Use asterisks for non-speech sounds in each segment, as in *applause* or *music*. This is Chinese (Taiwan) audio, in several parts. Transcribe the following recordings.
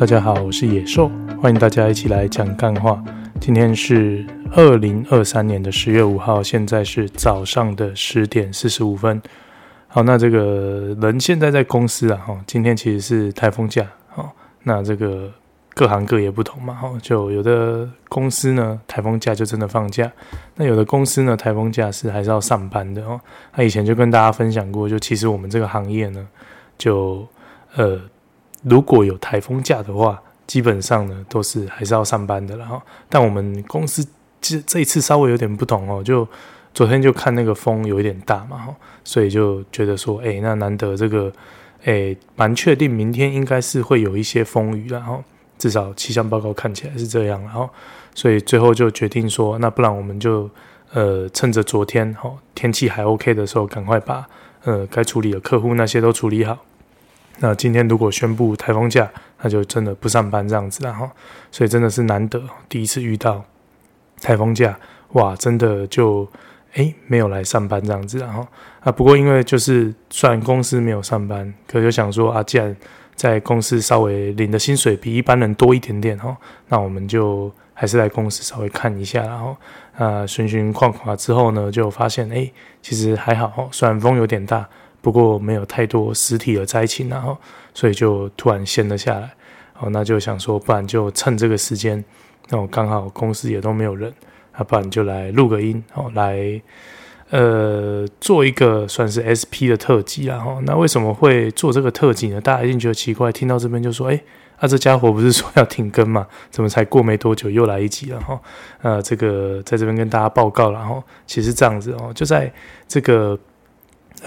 大家好，我是野獸，歡迎大家一起來講幹話。今天是二零二三年的十月五號，現在是早上的十點四十五分。好，那這個人現在在公司啊，哈，今天其實是台風假。那這個各行各業不同嘛，哈，就有的公司呢，台風假就真的放假；那有的公司呢，台風假是還是要上班的哦。那以前就跟大家分享過，就其實我們這個行業呢，就呃。如果有颱風假的話，基本上呢都是還是要上班的啦。哈。但我們公司這這一次稍微有點不同哦，就昨天就看那個風有一點大嘛，所以就覺得說，哎、欸，那難得這個，欸，蠻確定明天應該是會有一些風雨啦，然後至少氣象報告看起來是這樣啦，然後所以最後就決定說，那不然我們就呃趁着昨天天氣還 OK 的時候，趕快把呃該處理的客戶那些都處理好。那今天如果宣布颱風假，那就真的不上班這樣子了哈。所以真的是難得第一次遇到颱風假，哇，真的就哎、欸、沒有來上班這樣子啦，然後啊，不過因為就是雖然公司沒有上班，可就想說啊，既然在公司稍微領的薪水比一般人多一點點哦，那我們就還是來公司稍微看一下啦，然後啊尋尋逛逛之後呢，就發現哎、欸，其實還好，雖然風有點大。不過沒有太多實體的災情，啊，然後所以就突然閒了下來，哦，那就想說，不然就趁這個時間，那我剛好公司也都沒有人，啊，不然就來錄個音，哦，來，呃，做一個算是 SP 的特輯，然後那為什麼會做這個特輯呢？大家一定覺得奇怪，聽到這邊就說，哎，那、啊、這家伙不是說要停更嘛？怎麼才過沒多久又來一集了？哈，這個在這邊跟大家報告了，然後其實這樣子哦，就在這個。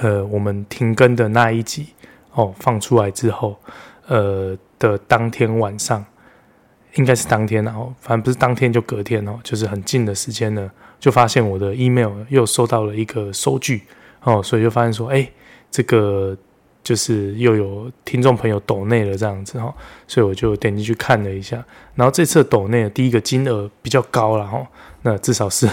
呃，我們停更的那一集哦，放出來之後，呃的當天晚上，應該是當天哦、啊，反正不是當天就隔天哦、啊，就是很近的時間呢，就發現我的 email 又收到了一個收據哦，所以就發現說，哎、欸，這個。就是又有聽眾朋友抖內了這樣子哈、哦，所以我就點進去看了一下。然後這次的抖內第一個金額比較高了哈、哦，那至少是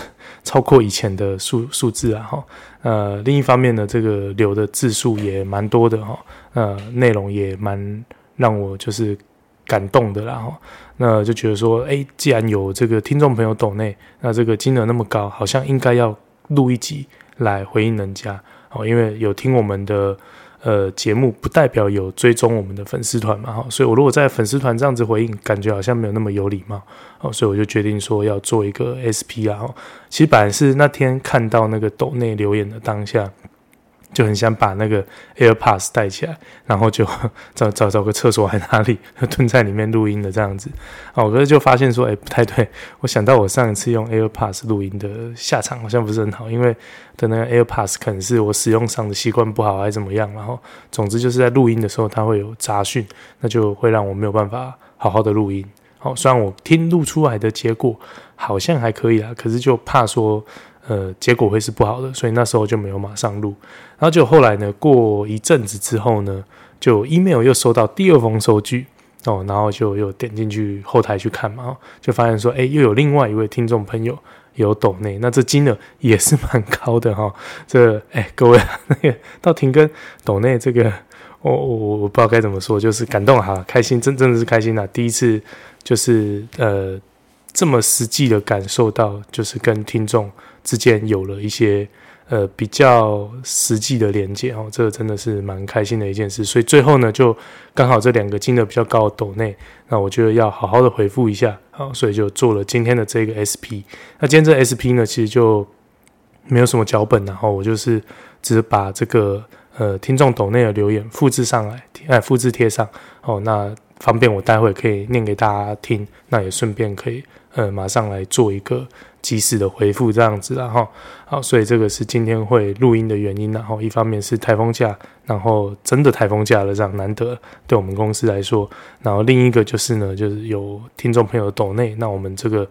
超過以前的數數字啊哈、哦。呃，另一方面呢，這個留的字數也蠻多的哈、哦，呃，內容也蠻讓我就是感動的啦哈、哦。那就覺得說，誒，既然有這個聽眾朋友抖內，那這個金額那麼高，好像應該要錄一集來回應人家哦，因為有聽我們的。呃，節目不代表有追蹤我們的粉絲團嘛，哈，所以我如果在粉絲團這樣子回應，感覺好像沒有那麼有禮貌，哦，所以我就決定說要做一個 SP 啊，其實本來是那天看到那個斗內、那個、留言的當下。就很想把那個 AirPods 帶起來，然後就找找找個廁所還哪裡，蹲在裡面錄音的這樣子啊。我可是就發現說，哎，不太對。我想到我上一次用 AirPods 錄音的下場好像不是很好，因為的那個 AirPods 可能是我使用上的習慣不好，還是怎麼樣。然後，總之就是在錄音的時候，它會有雜訊，那就會讓我沒有辦法好好的錄音。好，啊，雖然我聽錄出來的結果好像還可以啊，可是就怕說。呃，結果會是不好的，所以那時候就沒有馬上錄。然後就後來呢，過一陣子之後呢，就 email 又收到第二封收據哦，然後就又點進去後台去看嘛，哦、就發現說，哎、欸，又有另外一位聽眾朋友有斗內，那這金額也是蠻高的哈、哦。這哎、個欸，各位那個到廷跟斗內這個，我我我不知道該怎麼說，就是感動哈、啊，開心真的是開心啦、啊、第一次就是呃這麼實際的感受到，就是跟聽眾。之間有了一些呃比較實際的連接哦，這個真的是蠻開心的一件事。所以最後呢，就剛好這兩個金額比較高的斗內，那我覺得要好好的回復一下啊，哦，所以就做了今天的這個 SP。那今天這個 SP 呢，其實就沒有什麼腳本啊，哦，然後我就是只把這個呃聽眾斗內的留言複製上來，哎，複製貼上哦，那方便我待會可以念給大家聽，那也順便可以呃馬上來做一個。及時的回復這樣子啦，齁，然後好，所以這個是今天會錄音的原因啦，然後一方面是台風假，然後真的台風假了，這樣難得，對我們公司來說，然後另一個就是呢，就是有聽眾朋友斗內，那我們這個。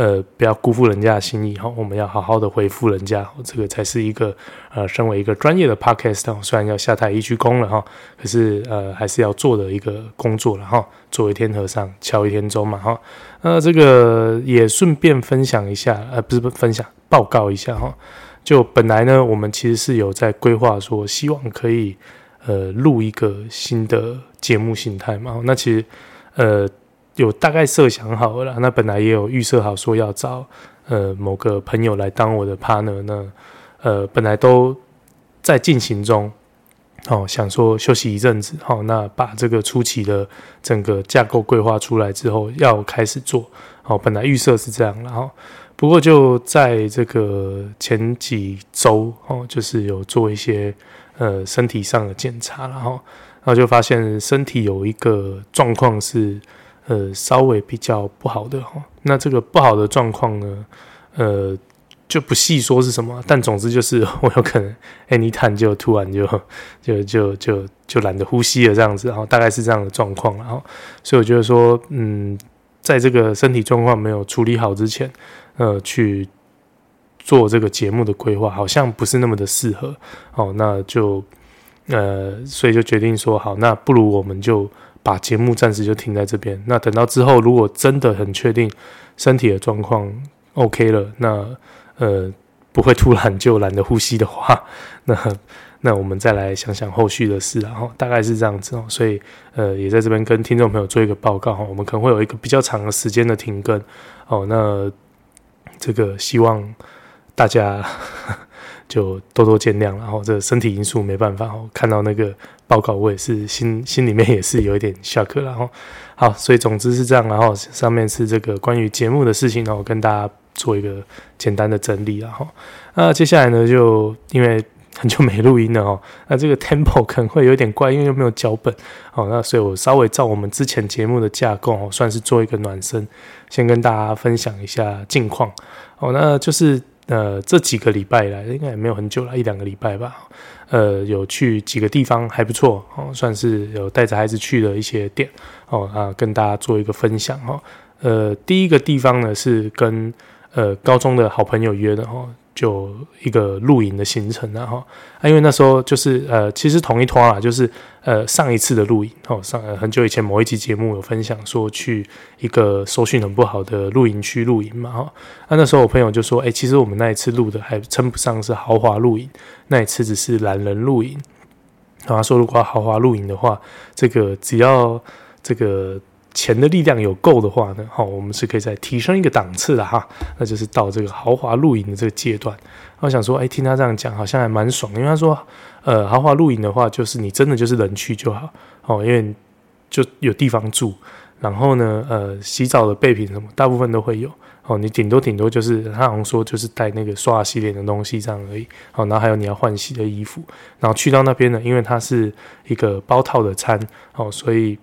呃，不要辜負人家的心意哈，我們要好好的回復人家，這個才是一個呃，身為一個專業的 podcast，雖然要下台一鞠躬了哈，可是呃，還是要做的一個工作了哈，做一天和尚敲一天鐘嘛哈。那這個也順便分享一下，呃，不是，不是分享，報告一下哈。就本來呢，我們其實是有在規劃說，希望可以呃錄一個新的節目形態嘛。那其實呃。有大概設想好了，那本來也有預設好說要找呃某個朋友來當我的 partner，那呃本來都在進行中，哦，想說休息一陣子，好、哦，那把這個初期的整個架構規劃出來之後要開始做，哦。本來預設是這樣的，了、哦、然後不過就在這個前幾週，哦，就是有做一些呃身體上的檢查，然後然後就發現身體有一個狀況是。呃，稍微比較不好的哈，那這個不好的狀況呢，呃，就不細說是什麼，但總之就是我有可能，i、欸、你 e 就突然就就就就就懶得呼吸了這樣子，然後大概是這樣的狀況，然後所以我覺得說，嗯，在這個身體狀況沒有處理好之前，呃，去做這個節目的規劃好像不是那麼的適合哦，那就呃，所以就決定說，好，那不如我們就。把節目暫時就停在這邊。那等到之後，如果真的很確定身體的狀況 OK 了，那呃不會突然就懶得呼吸的話，那那我們再來想想後續的事然後、哦、大概是這樣子哦。所以呃也在這邊跟聽眾朋友做一個報告、哦、我們可能會有一個比較長的時間的停更哦。那這個希望大家 *laughs* 就多多見諒啦。然後、哦、這個身體因素沒辦法哦。看到那個。報告，我也是心心裡面也是有一點小疙瘩哈。好，所以總之是這樣，然後上面是這個關於節目的事情，然後我跟大家做一個簡單的整理了哈。那接下來呢就、就因為很久沒錄音了哈，那這個 tempo 可能會有點怪，因為又沒有腳本。好，那所以我稍微照我們之前節目的架構，算是做一個暖身，先跟大家分享一下近況。好，那就是。呃，這幾個禮拜來應該也沒有很久了，一兩個禮拜吧。呃，有去幾個地方還不錯哦，算是有帶着孩子去的一些店哦啊，跟大家做一個分享哈、哦。呃，第一個地方呢是跟呃高中的好朋友約的哈。哦就一個露營的行程，然後啊，啊因為那時候就是呃，其實同一團啊，就是呃上一次的露營，哦上、呃、很久以前某一期節目有分享說去一個收訊很不好的露營區露營嘛，哈，那那時候我朋友就說，哎、欸，其實我們那一次錄的還稱不上是豪華露營，那一次只是懶人露營，然、啊、後說如果豪華露營的話，這個只要這個。錢的力量有夠的話呢，好，哦，我們是可以再提升一個檔次的哈，那就是到這個豪華露營的這個階段。我想說，哎，聽他這樣講，好像還蠻爽，因為他說，呃，豪華露營的話，就是你真的就是人去就好哦，因為就有地方住，然後呢，呃，洗澡的備品什麼，大部分都會有哦。你頂多頂多就是他好像說就是帶那個刷洗臉的東西這樣而已哦。然後還有你要換洗的衣服，然後去到那邊呢，因為它是一個包套的餐哦，所以。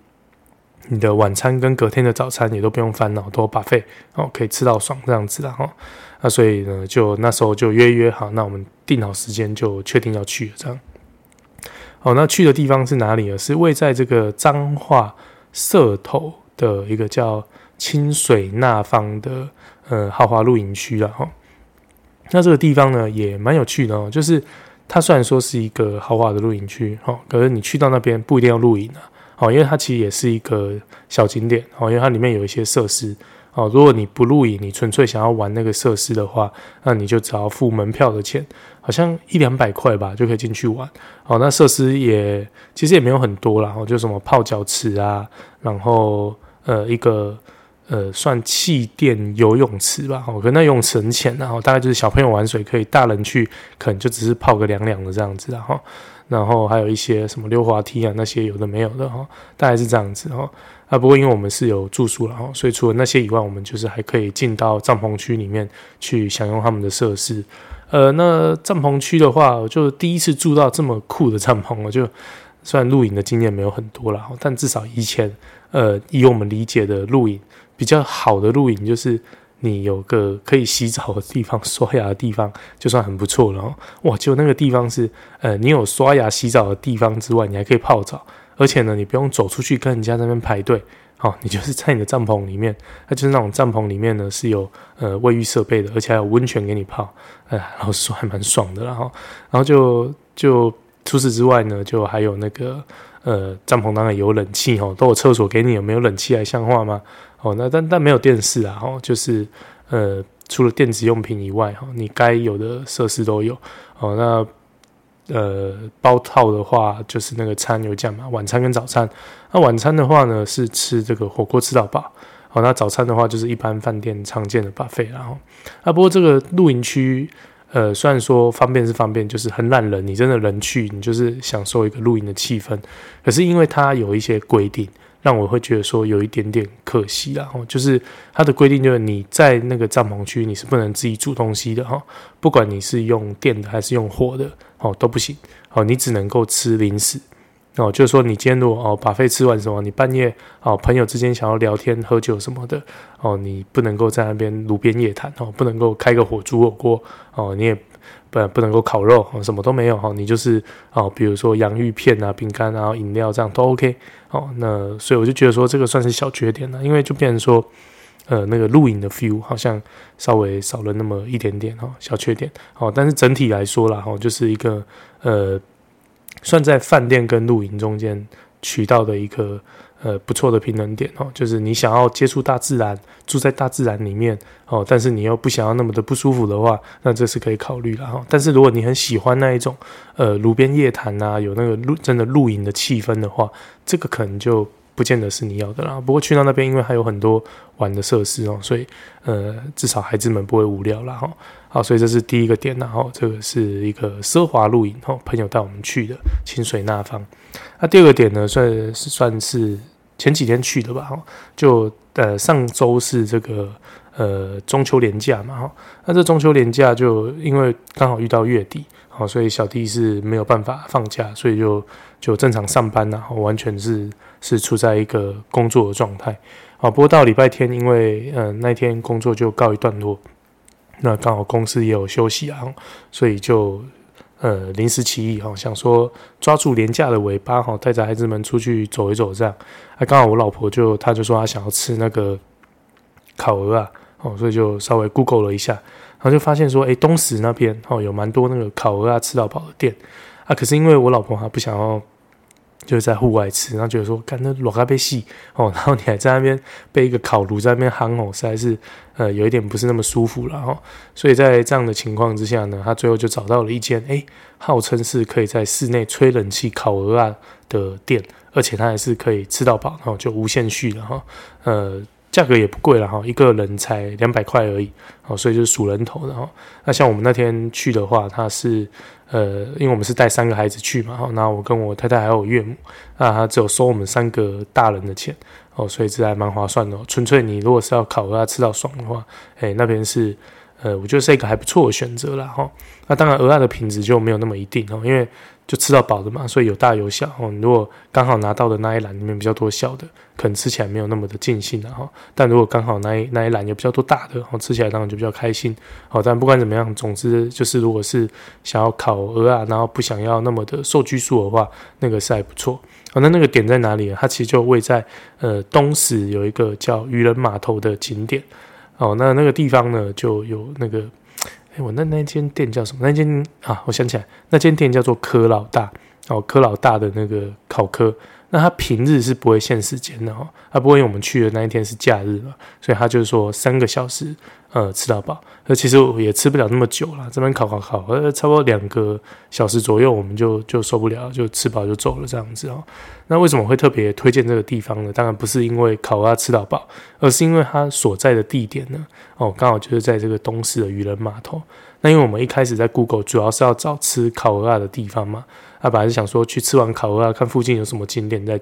你的晚餐跟隔天的早餐也都不用煩惱，都有 buffet 哦，可以吃到爽這樣子啦哈、哦。那所以呢，就那時候就約約好，那我們定好時間就確定要去了這樣。好、哦，那去的地方是哪裡呢？是位在這個彰化社頭的一個叫清水那方的呃豪華露營區啦哈、哦。那這個地方呢也蠻有趣的哦，就是它雖然說是一個豪華的露營區哈，可是你去到那邊不一定要露營啊。哦，因為它其實也是一個小景點。哦，因為它裡面有一些設施。哦，如果你不露營，你純粹想要玩那個設施的話，那你就只要付門票的錢，好像一兩百塊吧，就可以進去玩。哦，那設施也其實也沒有很多啦。哦，就什麼泡腳池啊，然後呃一個呃算氣墊游泳池吧。哦，我覺得那泳池很淺，啊，然後大概就是小朋友玩水可以，大人去可能就只是泡個涼涼的這樣子了。然後還有一些什麼溜滑梯啊，那些有的沒有的哈、哦，大概是這樣子哈、哦。啊，不過因為我們是有住宿了，所以除了那些以外，我們就是還可以進到帳篷區裡面去享用他們的設施。呃，那帳篷區的話，我就第一次住到這麼酷的帳篷，我就雖然露營的經驗沒有很多了，但至少以前呃以我們理解的露營比較好的露營就是。你有個可以洗澡的地方、刷牙的地方，就算很不錯了、哦。哇，就那個地方是，呃，你有刷牙、洗澡的地方之外，你還可以泡澡，而且呢，你不用走出去跟人家在那邊排隊，哦，你就是在你的帳篷裡面，那、啊、就是那種帳篷裡面呢是有呃衛浴設備的，而且還有溫泉給你泡，哎、呃，老實說還蠻爽的。然後，然後就就除此之外呢，就還有那個呃帳篷當然有冷氣哦，都有廁所給你，有沒有冷氣還像話嗎？哦，那但但沒有電視啊，哦、就是呃，除了電子用品以外，哦、你該有的設施都有。哦，那呃，包套的話就是那個餐有這樣嘛，晚餐跟早餐。那、啊、晚餐的話呢是吃這個火鍋吃到飽。哦，那早餐的話就是一般飯店常見的 buffet 然後，哦，啊，不過這個露營區，呃，雖然說方便是方便，就是很懶人，你真的能去，你就是享受一個露營的氣氛，可是因為它有一些規定。但我會覺得說有一點點可惜啦，哦，就是它的規定就是你在那個帳篷區，你是不能自己煮東西的，哦，不管你是用電的還是用火的，哦，都不行，哦，你只能夠吃零食，哦，就是說你今天哦把飯吃完什麼，你半夜哦朋友之間想要聊天喝酒什麼的，哦，你不能夠在那邊爐邊夜談哦，不能夠開個火煮火鍋哦你也。不不能夠烤肉，哦，什麼都沒有，你就是哦，比如說洋芋片啊、餅乾啊、飲料這樣都 OK，哦，那所以我就覺得說這個算是小缺點了，因為就變成說，呃，那個露營的 feel 好像稍微少了那麼一點點，小缺點，哦，但是整體來說啦，哦，就是一個呃，算在飯店跟露營中間取到的一個。呃，不錯的平衡點哦，就是你想要接觸大自然，住在大自然裡面哦，但是你又不想要那麼的不舒服的話，那這是可以考慮的哈、哦。但是如果你很喜歡那一種，呃，爐邊夜談啊，有那個露真的露營的氣氛的話，這個可能就不見得是你要的啦。不過去到那邊，因為還有很多玩的設施哦，所以呃，至少孩子們不會無聊了哈、哦。好，所以這是第一個點、啊，然、哦、後這個是一個奢華露營，哦，朋友帶我們去的清水那方。那、啊、第二個點呢，算是算是前幾天去的吧，哦、就呃上周是這個呃中秋連假嘛，哈、哦，那、啊、這中秋連假就因為剛好遇到月底，好、哦，所以小弟是沒有辦法放假，所以就就正常上班吶、啊，完全是是處在一個工作的狀態。好、哦，不過到禮拜天，因為嗯、呃、那天工作就告一段落。那剛好公司也有休息啊，所以就呃臨時起意哈、哦，想說抓住連假的尾巴哈、哦，帶着孩子們出去走一走這樣。啊，剛好我老婆就她就說她想要吃那個烤鵝啊，哦，所以就稍微 Google 了一下，然後就發現說，誒東石那邊哦有蠻多那個烤鵝啊、吃到飽的店啊，可是因為我老婆她不想要。就是在戶外吃，然後覺得說，看那裸咖啡吸哦，然後你還在那邊被一個烤爐在那邊烘哦，實在是呃有一點不是那麼舒服了哈、喔。所以在這樣的情況之下呢，他最後就找到了一間誒、欸、號稱是可以在室內吹冷氣烤鵝啊的店，而且他還是可以吃到飽，然、喔、後就無限續了哈，呃，價格也不貴了哈，一個人才兩百塊而已哦、喔，所以就是數人頭的，的、喔、後那像我們那天去的話，它是。呃，因為我們是帶三個孩子去嘛，哈，那我跟我太太還有我岳母，那他只有收我們三個大人的錢，哦，所以這還蠻划算的。純粹你如果是要烤鵝吃到爽的話，誒、欸，那邊是，呃，我覺得是一個還不錯的選擇了，哈。那當然，鵝的品質就沒有那麼一定，哈，因為。就吃到飽的嘛，所以有大有小。哦，你如果剛好拿到的那一籃裡面比較多小的，可能吃起來沒有那麼的盡興、啊，然、哦、後；但如果剛好那一那一籃有比較多大的，哦，吃起來當然就比較開心。哦，但不管怎麼樣，總之就是，如果是想要烤鵝啊，然後不想要那麼的受拘束的話，那個是還不錯。哦，那那個點在哪裡呢？它其實就位在呃東石有一個叫漁人碼頭的景點。哦，那那個地方呢，就有那個。欸、我那那間店叫什麼？那間啊，我想起來，那間店叫做柯老大哦，柯老大的那個考科。那他平日是不會限時間的哈、喔，他不會因為我們去的那一天是假日嘛，所以他就是說三個小時，呃，吃到飽。那其實我也吃不了那麼久了，這邊烤烤烤，差不多兩個小時左右，我們就就受不了，就吃飽就走了這樣子哦、喔，那為什麼會特別推薦這個地方呢？當然不是因為烤啊吃到飽，而是因為它所在的地點呢，哦、呃，剛好就是在這個東石的漁人碼頭。因為我們一開始在 Google 主要是要找吃烤鵝啊的地方嘛，啊本來是想說去吃完烤鵝啊，看附近有什麼景點，再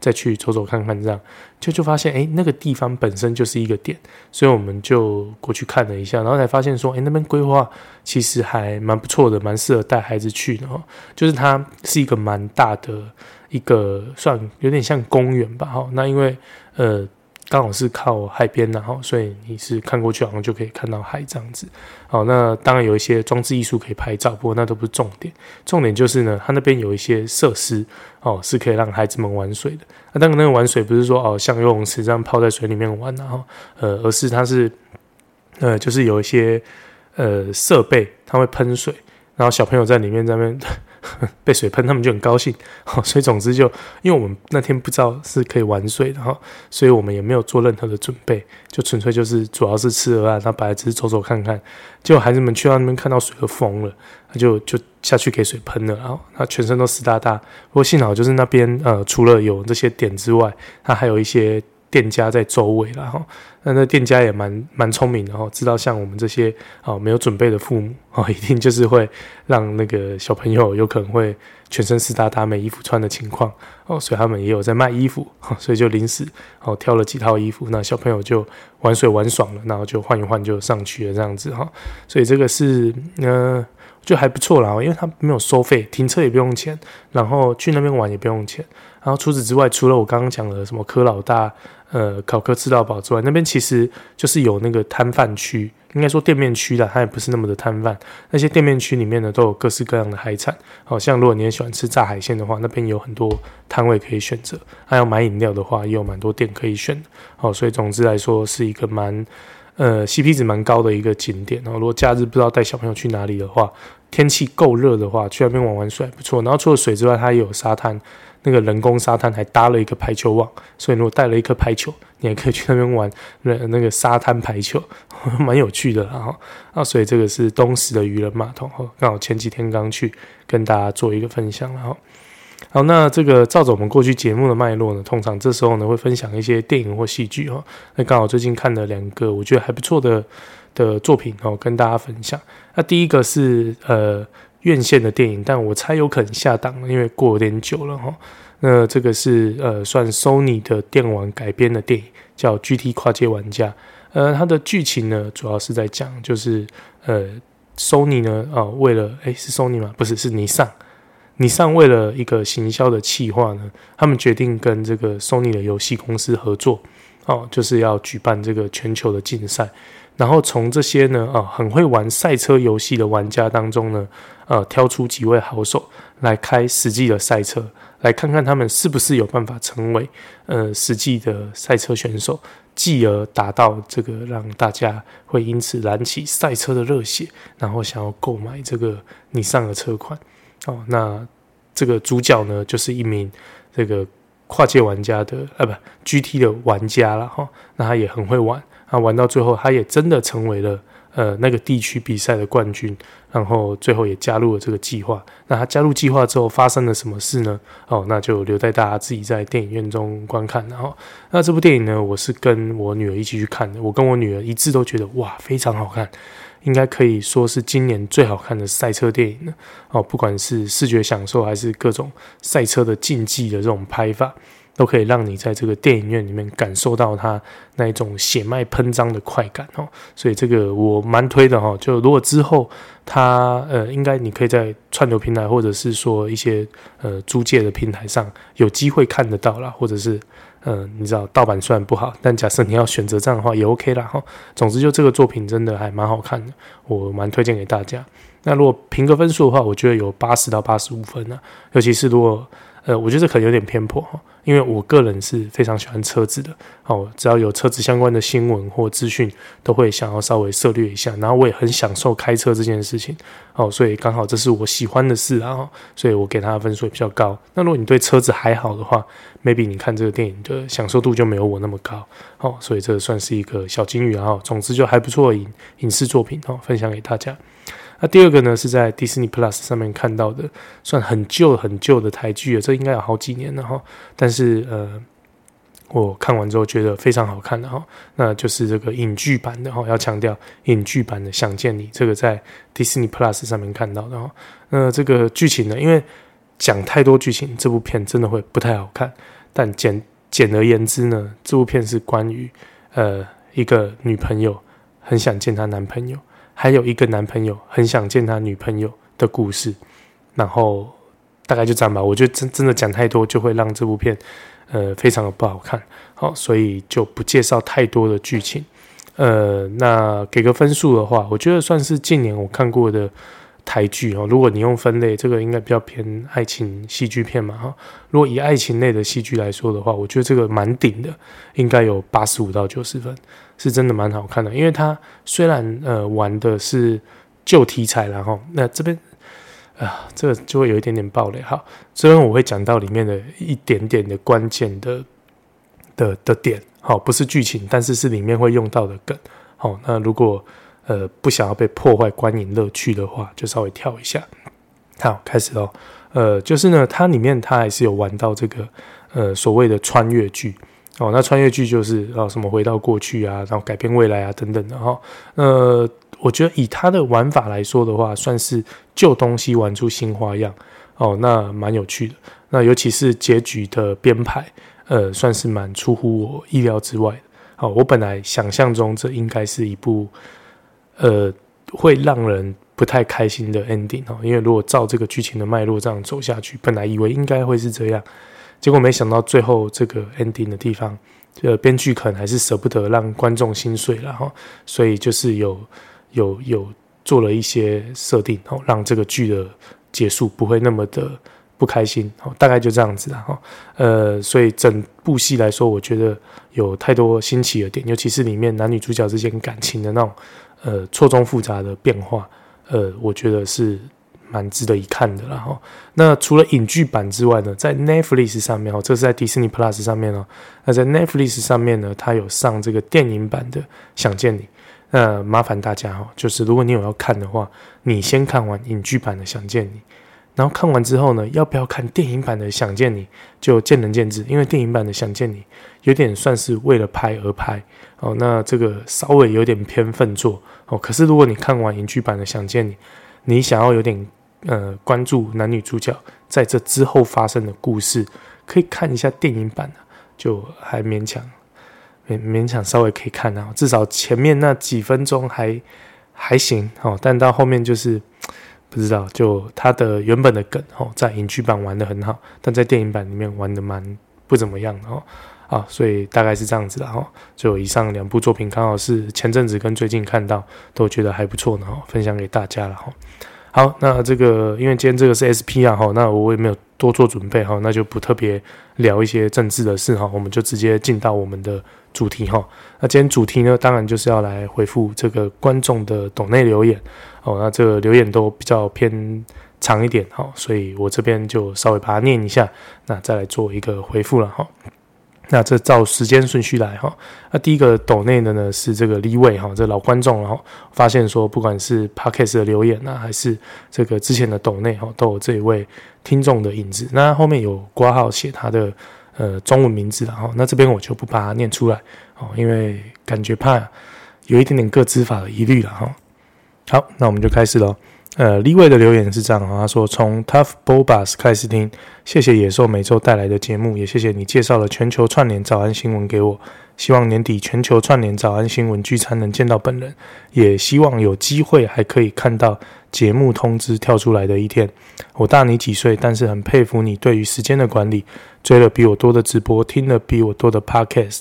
再去走走看看這樣，就就發現哎、欸，那個地方本身就是一個點，所以我們就過去看了一下，然後才發現說，哎、欸，那邊規劃其實還蠻不錯的，蠻適合帶孩子去的喔。就是它是一個蠻大的一個，算有點像公園吧喔。那因為呃。剛好是靠海邊，啊，然後所以你是看過去好像就可以看到海這樣子。好，那當然有一些裝置藝術可以拍照，不過那都不是重點。重點就是呢，它那邊有一些設施哦，是可以讓孩子們玩水的。那當然那個玩水不是說哦像游泳池這樣泡在水裡面玩，啊，然後呃，而是它是呃就是有一些呃設備，它會噴水，然後小朋友在裡面在那邊。被水噴，他們就很高興。哦，所以總之就，因為我們那天不知道是可以玩水的，然後所以我們也沒有做任何的準備，就純粹就是主要是吃鵝啊，他本來只是走走看看，結果孩子們去到那邊看到水都瘋了，他就就下去給水噴了，然後他全身都濕噠噠，不過幸好就是那邊呃，除了有這些點之外，他還有一些。店家在周圍了哈，那那店家也蠻蠻聰明的，然後知道像我們這些沒有準備的父母一定就是會讓那個小朋友有可能會全身濕噠噠沒衣服穿的情況哦，所以他們也有在賣衣服，所以就臨時哦挑了幾套衣服，那小朋友就玩水玩爽了，然後就換一換就上去了這樣子哈，所以這個是嗯，就、呃、還不錯啦，因為他沒有收費，停車也不用錢，然後去那邊玩也不用錢，然後除此之外，除了我剛剛講的什麼柯老大。呃，考科吃到飽之外，那邊其實就是有那個攤販區，應該說店面區啦，它也不是那麼的攤販。那些店面區裡面呢，都有各式各樣的海產。好、哦、像如果你也喜歡吃炸海鮮的話，那邊有很多攤位可以選擇。還、啊、要買飲料的話，也有蠻多店可以選。哦，所以總之來說，是一個蠻呃 CP 值蠻高的一個景點。然後，如果假日不知道帶小朋友去哪裡的話，天氣夠熱的話，去那邊玩玩水還不錯。然後，除了水之外，它也有沙灘。那個人工沙灘還搭了一個排球網，所以如果帶了一顆排球，你也可以去那邊玩那那個沙灘排球，呵呵蠻有趣的後、哦、啊，所以這個是東石的漁人碼頭、哦、剛好前幾天剛去跟大家做一個分享，然、哦、後，好、哦，那這個照着我們過去節目的脈絡呢，通常這時候呢會分享一些電影或戲劇哈、哦。那剛好最近看了兩個我覺得還不錯的的作品哦，跟大家分享。那、啊、第一個是呃。院線的電影，但我猜有可能下檔，因為過有點久了哈。那這個是呃，算 Sony 的電玩改編的電影，叫《GT 跨界玩家》。呃，它的劇情呢，主要是在講，就是呃，Sony 呢，哦、呃，為了哎、欸、是 Sony 嗎？不是，是尼桑。尼桑為了一個行銷的企劃呢，他們決定跟這個 Sony 的遊戲公司合作，哦、呃，就是要舉辦這個全球的競賽。然後從這些呢啊很會玩賽車遊戲的玩家當中呢，呃、啊、挑出幾位好手來開實際的賽車，來看看他們是不是有辦法成為呃實際的賽車選手，繼而達到這個讓大家會因此燃起賽車的熱血，然後想要購買這個 Nissan 的車款哦。那這個主角呢就是一名這個跨界玩家的啊不 GT 的玩家了哈、哦，那他也很會玩。他、啊、玩到最後，他也真的成為了呃那個地區比賽的冠軍，然後最後也加入了這個計劃。那他加入計劃之後發生了什麼事呢？哦，那就留在大家自己在電影院中觀看。然後，那這部電影呢，我是跟我女兒一起去看的，我跟我女兒一致都覺得哇非常好看，應該可以說是今年最好看的賽車電影了。哦，不管是視覺享受還是各種賽車的競技的這種拍法。都可以讓你在這個電影院裡面感受到它那一種血脈噴張的快感哦，所以這個我蠻推的哈、哦。就如果之後它呃，應該你可以在串流平台或者是說一些呃租借的平台上有機會看得到啦，或者是嗯、呃、你知道盜版雖然不好，但假設你要選擇這樣的話也 OK 啦哈、哦。總之，就這個作品真的還蠻好看的，我蠻推薦給大家。那如果評個分數的話，我覺得有八十到八十五分呢、啊，尤其是如果。呃，我覺得這可能有點偏頗哈，因為我個人是非常喜歡車子的哦，只要有車子相關的新聞或資訊，都會想要稍微涉獵一下，然後我也很享受開車這件事情哦，所以剛好這是我喜歡的事啊，所以我給他的分數也比較高。那如果你對車子還好的話，maybe 你看這個電影的享受度就沒有我那麼高哦，所以這算是一個小金魚啊，總之就還不錯的影影視作品哦，分享給大家。那、啊、第二個呢，是在迪士尼 Plus 上面看到的，算很舊很舊的台劇了，這應該有好幾年了哈。但是呃，我看完之後覺得非常好看的哈。那就是這個影劇版的哈，要強調影劇版的《想見你》這個在迪士尼 Plus 上面看到的哈。那這個劇情呢，因為講太多劇情，這部片真的會不太好看。但簡簡而言之呢，這部片是關於呃一個女朋友很想見她男朋友。還有一個男朋友很想見他女朋友的故事，然後大概就這樣吧。我覺得真真的講太多就會讓這部片，呃，非常的不好看。好，所以就不介紹太多的劇情。呃，那給個分數的話，我覺得算是近年我看過的台劇哦。如果你用分類，這個應該比較偏愛情戲劇片嘛哈。如果以愛情類的戲劇來說的話，我覺得這個蠻頂的，應該有八十五到九十分。是真的蠻好看的，因為它雖然呃玩的是舊題材啦，然後那這邊啊、呃、這個、就會有一點點暴雷哈。雖然我會講到裡面的一點點的關鍵的的的點，好，不是劇情，但是是裡面會用到的梗。好，那如果呃不想要被破壞觀影樂趣的話，就稍微跳一下。好，開始嘍。呃，就是呢，它裡面它還是有玩到這個呃所謂的穿越劇。哦，那穿越劇就是哦、啊，什麼回到過去啊，然後改變未來啊等等的哈、哦。呃，我覺得以它的玩法來說的話，算是舊東西玩出新花樣。哦，那蠻有趣的。那尤其是結局的編排，呃，算是蠻出乎我意料之外的。哦，我本來想象中這應該是一部，呃，會讓人不太開心的 ending 哦。因為如果照這個劇情的脈絡這樣走下去，本來以為應該會是這樣。結果沒想到最後這個 ending 的地方，呃，編劇可能還是捨不得讓觀眾心碎啦哈哦，所以就是有有有做了一些設定哦，讓這個劇的結束不會那麼的不開心哦，大概就這樣子啦哈哦。呃，所以整部戲來說，我覺得有太多新奇的點，尤其是裡面男女主角之間感情的那種呃錯綜複雜的變化，呃，我覺得是。蠻值得一看的啦齁。那除了影劇版之外呢，在 Netflix 上，上面哦，這是在 Disney Plus 上面哦。那在 Netflix 上面呢，它有上這個電影版的《想見你》。那麻煩大家齁，就是如果你有要看的話，你先看完影劇版的《想見你》，然後看完之後呢，要不要看電影版的《想見你》就見仁見智。因為電影版的《想見你》有點算是為了拍而拍哦，那這個稍微有點偏分作哦。可是如果你看完影劇版的《想見你》，你想要有點。呃，關注男女主角在這之後發生的故事，可以看一下電影版呢。啊，就還勉強，勉勉強稍微可以看啊，至少前面那幾分鐘還還行哦，但到後面就是不知道，就他的原本的梗哦，在影劇版玩得很好，但在電影版裡面玩得蠻不怎麼樣的哦啊，哦，所以大概是這樣子的哈，哦。就以上兩部作品，剛好是前陣子跟最近看到都覺得還不錯呢，哦，分享給大家了哈。哦好，那這個因為今天這個是 SP 啊，好，那我也沒有多做準備哈，那就不特別聊一些政治的事哈，我們就直接進到我們的主題哈。那今天主題呢，當然就是要來回復這個觀眾的斗內留言，哦，那這個留言都比較偏長一點，哈，所以我這邊就稍微把它念一下，那再來做一個回復了哈。那這照時間順序來哈，那、啊、第一個斗內呢呢是這個李偉哈，這老觀眾，然後發現說，不管是 podcast 的留言啊，還是這個之前的斗內哈，都有這一位聽眾的影子。那後面有括號寫他的呃中文名字了，然後那這邊我就不把它念出來哦，因為感覺怕有一點點個資法的疑慮了哈。好，那我們就開始嘍。呃，LiWei 的留言是這樣，他說：“從 Tough Bobas 開始聽，謝謝野獸每周帶來的節目，也謝謝你介紹了全球串聯早安新聞給我。希望年底全球串聯早安新聞聚餐能見到本人，也希望有機會還可以看到節目通知跳出來的一天。我大你幾歲，但是很佩服你對於時間的管理，追了比我多的直播，聽了比我多的 Podcast，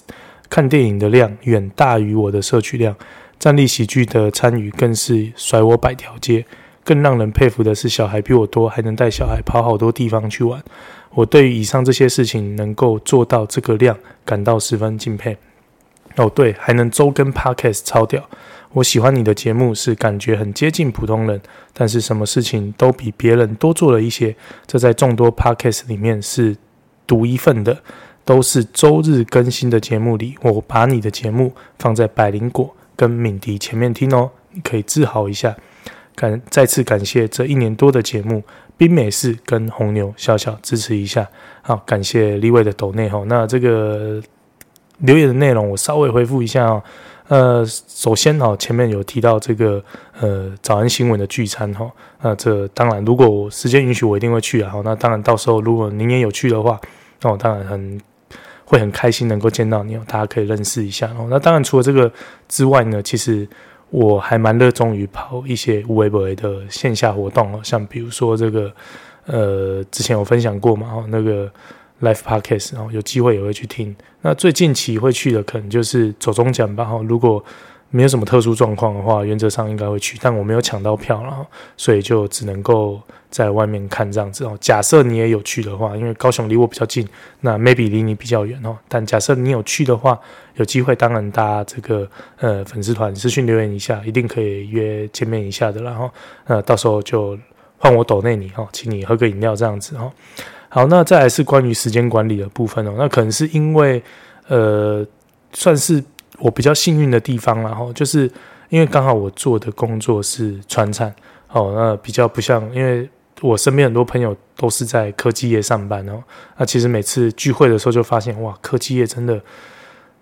看電影的量遠大於我的攝取量，站立喜劇的參與更是甩我百條街。”更讓人佩服的是，小孩比我多，還能帶小孩跑好多地方去玩。我對於以上這些事情能夠做到這個量，感到十分敬佩。哦，對，還能週更 podcast，超屌！我喜歡你的節目，是感覺很接近普通人，但是什麼事情都比別人多做了一些。這在眾多 podcast 裡面是獨一份的。都是周日更新的節目裡，我把你的節目放在百靈果跟敏迪前面聽哦，你可以自豪一下。感再次感謝這一年多的節目，冰美式跟紅牛小小支持一下，好感謝 LiWei 的抖內。那這個留言的內容我稍微回復一下，呃，首先前面有提到這個呃早安新聞的聚餐哈，呃，這當然如果時間允許我一定會去啊，那當然到時候如果您也有去的話，那我當然很會很開心能夠見到你，大家可以認識一下。那當然除了這個之外呢，其實。我還蠻熱衷於跑一些無為不為的線下活動，像比如說這個，呃，之前我分享過嘛，那個 Life Podcast，然後有機會也會去聽。那最近期會去的可能就是左中講吧，如果。沒有什麼特殊狀況的話，原則上應該會去，但我沒有搶到票了，所以就只能夠在外面看這樣子哦。假設你也有去的話，因為高雄離我比較近，那 maybe 離你比較遠哦。但假設你有去的話，有機會當然大家這個呃粉絲團私訊留言一下，一定可以約見面一下的啦哦。然後呃，到時候就換我斗內你哦，請你喝個飲料這樣子哦。好，那再來是關於時間管理的部分哦。那可能是因為呃，算是。我比較幸運的地方，然後就是因為剛好我做的工作是傳產，哦，那比較不像，因為我身邊很多朋友都是在科技業上班哦，那其實每次聚會的時候就發現，哇，科技業真的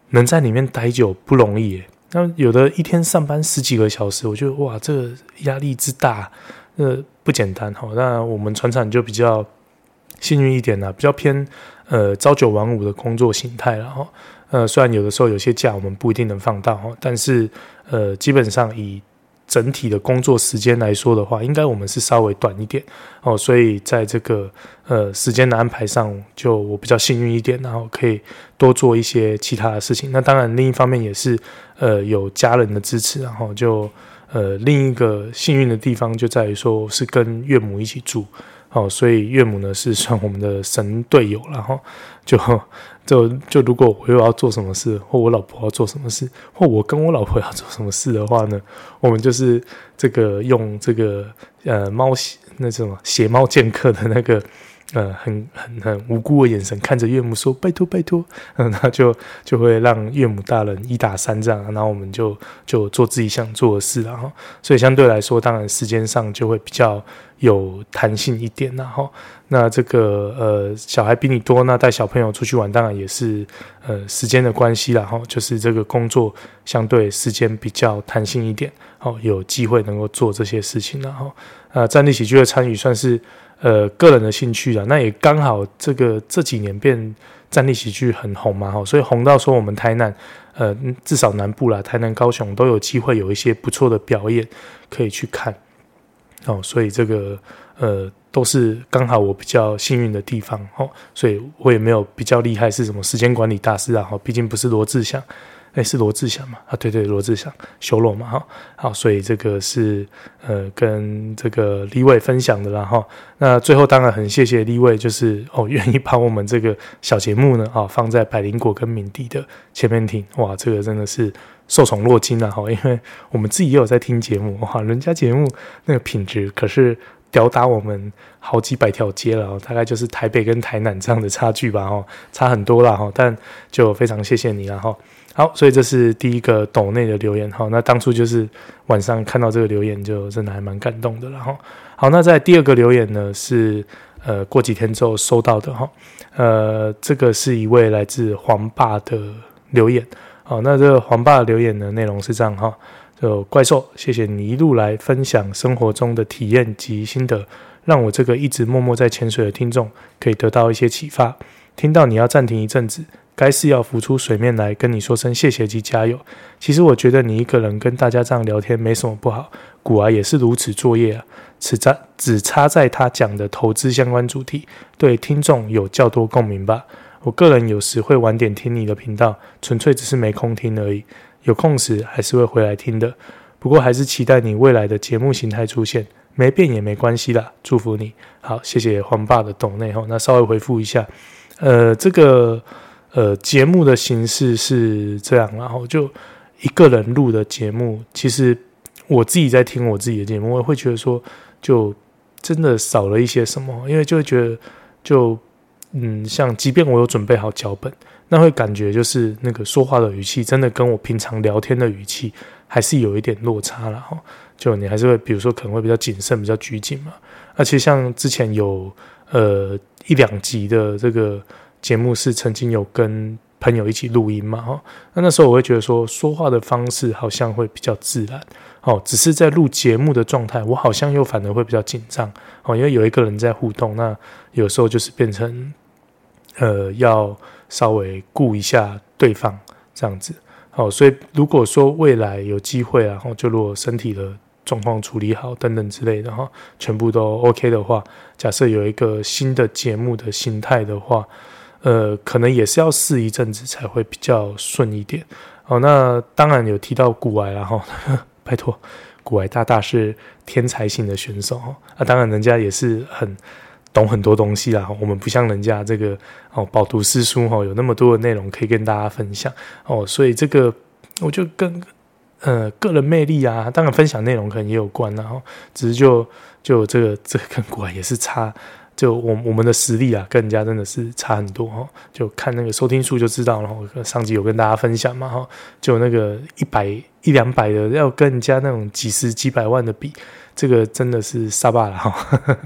能在裡面待久不容易，那有的一天上班十幾個小時，我覺得哇，這個壓力之大，那不簡單。好，那我們傳產就比較幸運一點啦，比較偏呃朝九晚五的工作形態，然後。呃，雖然有的時候有些假我們不一定能放到，但是呃，基本上以整體的工作時間來說的話，應該我們是稍微短一點哦，所以在這個呃時間的安排上，就我比較幸運一點，然後可以多做一些其他的事情。那當然，另一方面也是呃有家人的支持，然後就呃另一個幸運的地方就在於說是跟岳母一起住哦，所以岳母呢是算我們的神隊友然後就。就就如果我又要做什麼事，或我老婆要做什麼事，或我跟我老婆要做什麼事的話呢，我們就是這個用這個呃貓那那種鞋貓劍客的那個呃很很很無辜的眼神看着岳母說拜託拜託，嗯，那就就會讓岳母大人一打三仗，然後我們就就做自己想做的事了哈，所以相對來說，當然時間上就會比較。有彈性一點啊，然後那這個呃小孩比你多，那帶小朋友出去玩當然也是呃時間的關係啦，哈，就是這個工作相對時間比較彈性一點，哦，有機會能夠做這些事情啦，然後呃站立喜劇的參與算是呃個人的興趣啦，那也剛好這個這幾年變站立喜劇很紅嘛，哈，所以紅到說我們台南呃至少南部啦，台南高雄都有機會有一些不錯的表演可以去看。哦，所以這個呃都是剛好我比較幸運的地方哦，所以我也沒有比較厲害是什麼時間管理大師啊，畢竟不是羅志祥。哎，是羅志祥嘛？啊，對對，羅志祥，修羅嘛，哈、哦，好，所以這個是呃，跟這個李偉分享的啦，哈、哦。那最後當然很謝謝李偉，就是哦，願意把我們這個小節目呢，啊、哦，放在百靈果跟敏迪的前面聽，哇，這個真的是受寵若驚了，哈、哦，因為我們自己也有在聽節目，哈，人家節目那個品質可是吊打我們好幾百條街了、哦，大概就是台北跟台南這樣的差距吧，哈、哦，差很多了，哈、哦，但就非常謝謝你了，哈、哦。好，所以這是第一個斗內的留言。哈，那當初就是晚上看到這個留言，就真的還蠻感動的。然後，好，那在第二個留言呢，是呃過幾天之後收到的哈。呃，這個是一位來自黃爸的留言。好，那這個黃爸留言的內容是這樣哈：就怪獸，謝謝你一路來分享生活中的體驗及心得，讓我這個一直默默在潛水的聽眾可以得到一些啟發。聽到你要暫停一陣子。該是要浮出水面來，跟你說聲謝謝及加油。其實我覺得你一個人跟大家這樣聊天沒什麼不好，古啊也是如此作業啊，只差只差在他講的投資相關主題對聽眾有較多共鳴吧。我個人有時會晚點聽你的頻道，純粹只是沒空聽而已，有空時還是會回來聽的。不過還是期待你未來的節目形態出現，沒變也沒關係啦，祝福你。好，謝謝黃爸的斗內吼，那稍微回復一下，呃，這個。呃，節目的形式是這樣啦，然後就一個人錄的節目。其實我自己在聽我自己的節目，我會覺得說，就真的少了一些什麼，因為就會覺得就，就嗯，像即便我有準備好腳本，那會感覺就是那個說話的語氣，真的跟我平常聊天的語氣還是有一點落差啦，齁。就你還是會，比如說可能會比較謹慎，比較拘謹嘛。而且像之前有呃一兩集的這個。節目是曾經有跟朋友一起錄音嘛？那那時候我會覺得說，說話的方式好像會比較自然，哦，只是在錄節目的狀態，我好像又反而會比較緊張，哦，因為有一個人在互動，那有時候就是變成，呃，要稍微顧一下對方這樣子，哦，所以如果說未來有機會，啊，就如果身體的狀況處理好等等之類的，全部都 OK 的話，假設有一個新的節目的心態的話。呃，可能也是要試一陣子才會比較順一點。哦，那當然有提到古埃、啊，啦，後拜托古埃大大是天才型的選手哈、啊。當然人家也是很懂很多東西啦。我們不像人家這個哦，飽讀詩書哈、哦，有那麼多的內容可以跟大家分享哦。所以這個我就跟呃個人魅力啊，當然分享內容可能也有關，啦。只是就就這個這個、跟古埃也是差。就我我們的實力啊，跟人家真的是差很多哈、哦。就看那個收聽數就知道了，哦，然後上集有跟大家分享嘛哈、哦，就那個一百一兩百的，要跟人家那種幾十幾百萬的比，這個真的是沙巴了哈、哦。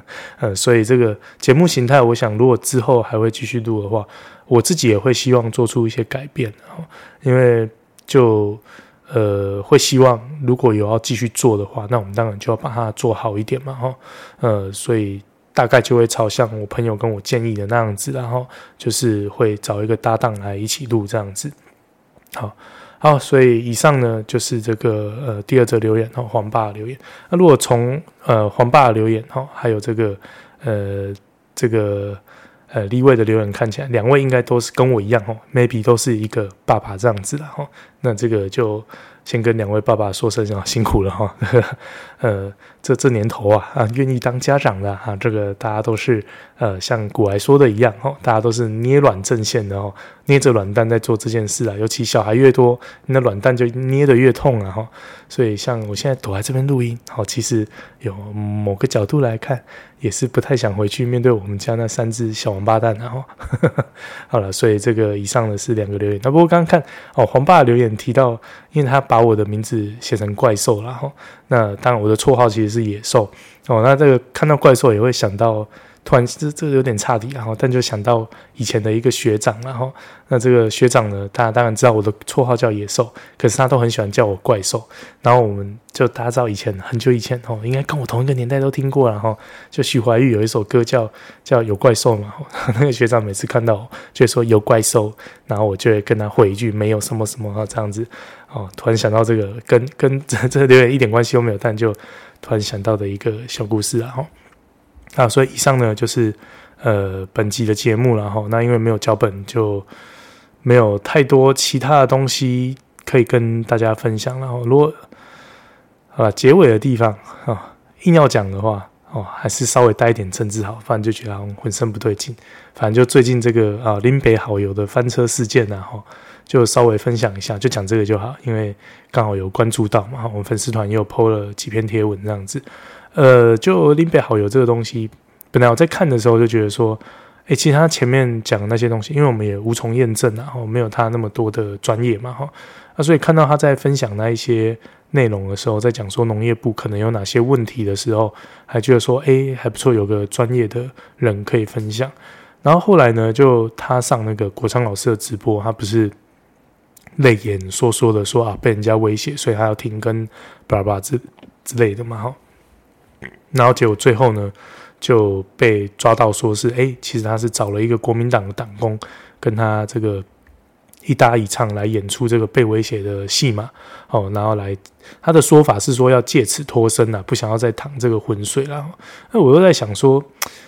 *laughs* 呃，所以這個節目形態，我想如果之後還會繼續錄的話，我自己也會希望做出一些改變哈、哦，因為就呃會希望如果有要繼續做的話，那我們當然就要把它做好一點嘛哈、哦。呃，所以。大概就會朝向我朋友跟我建議的那樣子，然後就是會找一個搭檔來一起錄這樣子。好，好，所以以上呢就是這個呃第二則留言黃爸留言。那如果從呃黃爸留言哈還有這個呃這個呃立衛的留言看起來，兩位應該都是跟我一樣哈、哦、，maybe 都是一個爸爸這樣子哈、哦。那這個就先跟兩位爸爸說聲辛苦了哈，呃。這這年頭啊啊，願意當家長的哈、啊啊，這個大家都是呃，像古來說的一樣哦，大家都是捏卵陣線的哦，捏着卵蛋在做這件事啊，尤其小孩越多，那卵蛋就捏得越痛啊哈、哦，所以像我現在躲在這邊錄音，好、哦，其實有某個角度來看，也是不太想回去面對我們家那三隻小王八蛋的、啊、哈、哦。好了，所以這個以上的是兩個留言，那不過剛剛看哦，黃爸留言提到，因為他把我的名字寫成怪獸了哈、哦，那當然我的綽號其實是。野獸哦，那這個看到怪獸也會想到，突然這這個有點差點、啊，然後但就想到以前的一個學長，然、哦、後那這個學長呢，大家當然知道我的綽號叫野獸，可是他都很喜歡叫我怪獸，然後我們就大家知道以前很久以前哦，應該跟我同一個年代都聽過，然、哦、後就徐懷鈺有一首歌叫叫有怪獸嘛、哦，那個學長每次看到就說有怪獸，然後我就會跟他回一句沒有什麼什麼、哦、這樣子，哦，突然想到這個跟跟這這個留言一點關係都沒有，但就。突然想到的一個小故事啊，哈啊，所以以上呢就是呃本集的節目然哈。那因為沒有腳本，就沒有太多其他的東西可以跟大家分享然哈，如果啊結尾的地方啊，硬要講的話哦、啊，還是稍微帶一點政治好，不然就覺得渾身不對勁。反正就最近這個啊，林北好友的翻車事件然、啊、哈。就稍微分享一下，就講這個就好，因為剛好有關注到嘛，我們粉絲團又 PO 了幾篇貼文這樣子，呃，就林北好友這個東西，本來我在看的時候就覺得說，誒，其實他前面講的那些東西，因為我們也無從驗證啊，然後沒有他那麼多的專業嘛，哈，那所以看到他在分享那一些內容的時候，在講說農業部可能有哪些問題的時候，還覺得說，哎，還不錯，有個專業的人可以分享，然後後來呢，就他上那個國昌老師的直播，他不是。淚眼婆娑的說：“啊，被人家威脅，所以他要停更，巴拉巴拉之之類的嘛。”然後結果最後呢，就被抓到，說是“哎、欸，其實他是找了一個國民黨的黨工，跟他這個一搭一唱來演出這個被威脅的戲嘛、喔。然後來他的說法是說要借此脫身啊，不想要再淌這個渾水了。那我又在想說，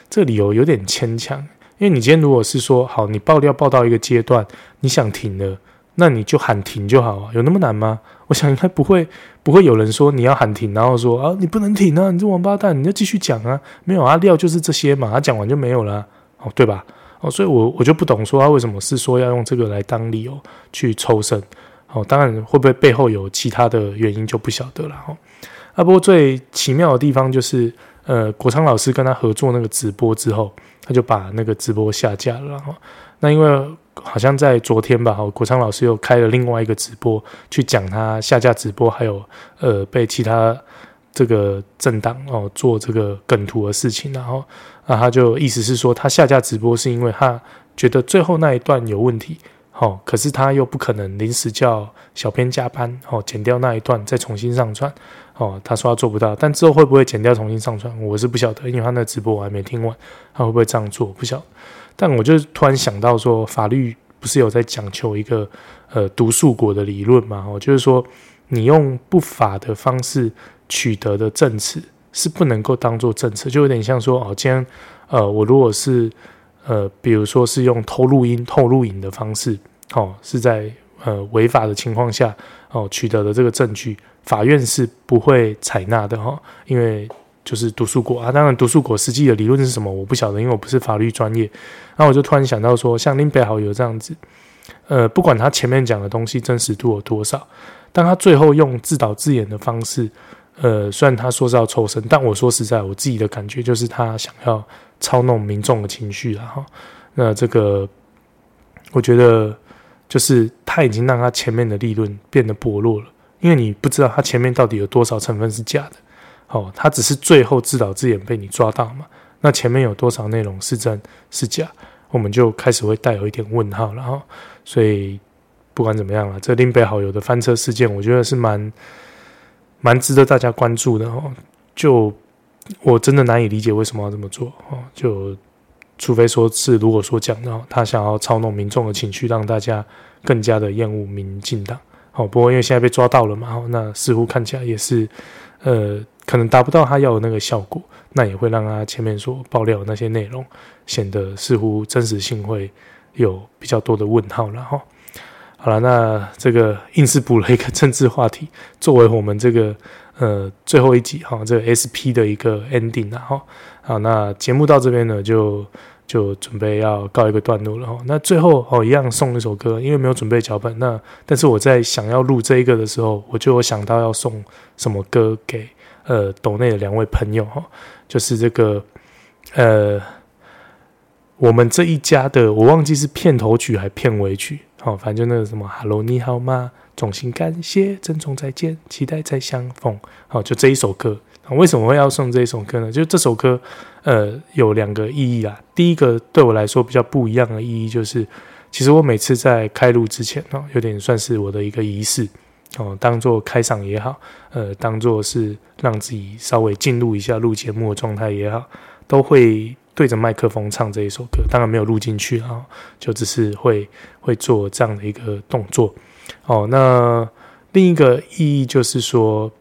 這個理由有點牽強，因為你今天如果是說好，你爆料爆到一個階段，你想停了。那你就喊停就好啊，有那麼難嗎？我想應該不會，不會有人說你要喊停，然後說啊，你不能停啊，你這王八蛋，你要繼續講啊，沒有啊，料就是這些嘛，他啊，講完就沒有了，哦，對吧？哦，所以我，我我就不懂說他為什麼是說要用這個來當理由去抽身，哦，當然會不會背後有其他的原因就不曉得了，哦，啊，不過最奇妙的地方就是，呃，國昌老師跟他合作那個直播之後，他就把那個直播下架了，然後，哦，那因為。好像在昨天吧，哦，國昌老師又開了另外一個直播，去講他下架直播，還有呃被其他這個政黨哦做這個梗圖的事情，然後啊他就意思是說，他下架直播是因為他覺得最後那一段有問題。哦，可是他又不可能臨時叫小編加班哦，剪掉那一段再重新上傳哦。他說他做不到，但之後會不會剪掉重新上傳，我是不曉得，因為他那個直播我還沒聽完，他會不會這樣做不曉。但我就突然想到說，法律不是有在講求一個呃毒樹果的理論嘛。哦，就是說你用不法的方式取得的證詞是不能夠當做政策，就有點像說哦，今天呃我如果是。呃，比如說是用偷錄音、偷錄影的方式，哦，是在呃違法的情況下哦取得的這個證據，法院是不會採納的哈、哦。因為就是毒樹果啊，當然毒樹果實際的理論是什麼，我不曉得，因為我不是法律專業。那、啊、我就突然想到說，像林北豪有這樣子，呃，不管他前面講的東西真實度有多少，但他最後用自導自演的方式，呃，雖然他說是要抽身，但我說實在，我自己的感覺就是他想要。操弄民眾的情緒啊，哈，那這個我覺得就是他已經讓他前面的立論變得薄弱了，因為你不知道他前面到底有多少成分是假的，好、哦，他只是最後自導自演被你抓到嘛，那前面有多少內容是真是假，我們就開始會帶有一點問號了哈、哦，所以不管怎麼樣了，這林北好友的翻車事件，我覺得是蠻蠻值得大家關注的哦，就。我真的難以理解為什麼要這麼做，哦，就除非說是如果說講到，哦，他想要操弄民眾的情緒，讓大家更加的厭惡民進黨。好，哦，不過因為現在被抓到了嘛，哦，那似乎看起來也是，呃，可能達不到他要的那個效果。那也會讓他前面所爆料的那些內容，顯得似乎真實性會有比較多的問號了，哦，好了，那這個硬是補了一個政治話題，作為我們這個。呃，最後一集哈、哦，這個 SP 的一個 ending 啊哈、哦，好，那節目到這邊呢，就就準備要告一個段落了、哦、那最後哦，一樣送一首歌，因為沒有準備腳本，那但是我在想要錄這一個的時候，我就有想到要送什麼歌給呃斗內的兩位朋友哈、哦，就是這個呃我們這一家的，我忘記是片頭曲還是片尾曲哈、哦，反正就那個什麼 Hello 你好嗎。衷心感謝，珍重再見，期待再相逢。好，就這一首歌。為什麼會要送這一首歌呢？就這首歌，呃，有兩個意義啦。第一個對我來說比較不一樣的意義，就是其實我每次在開錄之前，有點算是我的一個儀式，當做開嗓也好，呃，當做是讓自己稍微進入一下錄節目的狀態也好，都會對着麥克風唱這一首歌。當然沒有錄進去啊，就只是會會做這樣的一個動作。哦，那另一個意義就是說，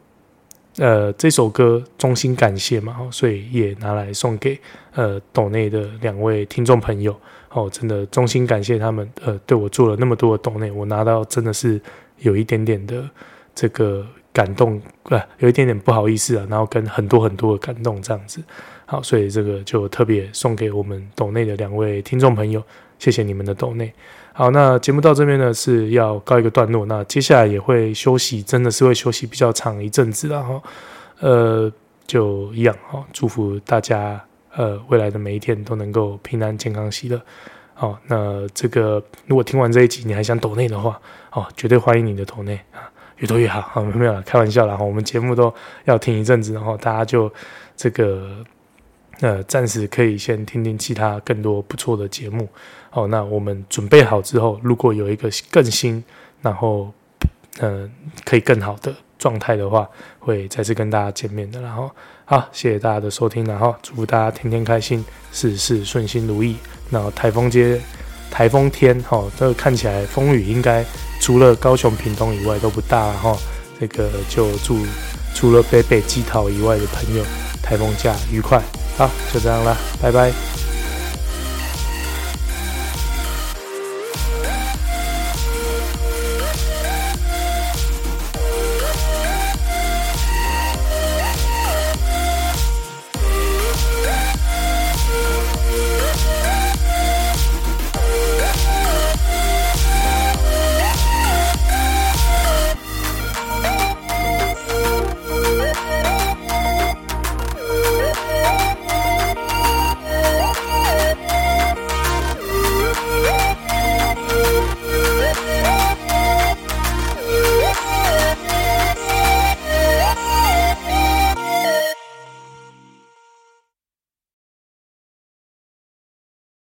呃，這首歌衷心感謝嘛，哦，所以也拿來送給呃斗內的兩位聽眾朋友，哦，真的衷心感謝他們，呃，對我做了那麼多的斗內，我拿到真的是有一點點的這個感動，呃，有一點點不好意思啊，然後跟很多很多的感動這樣子。好，所以這個就特別送給我們斗內的兩位聽眾朋友，謝謝你們的斗內。好，那節目到這邊呢，是要告一個段落。那接下來也會休息，真的是會休息比較長一陣子了哈。呃，就一樣哈，祝福大家呃未來的每一天都能夠平安、健康、喜樂。好，那這個如果聽完這一集你還想抖內的話，哦，絕對歡迎你的抖內啊，越多越好。好，沒有了，開玩笑啦，我們節目都要停一陣子的，然後大家就這個呃暫時可以先聽聽其他更多不錯的節目。好、哦，那我們準備好之後，如果有一個更新，然後嗯、呃，可以更好的狀態的話，會再次跟大家見面的。然後，好，謝謝大家的收聽，然後祝福大家天天開心，事事順心如意。然後台風街，台風天，哈、哦，這個看起來風雨應該除了高雄、屏東以外都不大，然後，哈、哦。這個就祝除了北北基桃以外的朋友，台風假愉快。好，就這樣啦，拜拜。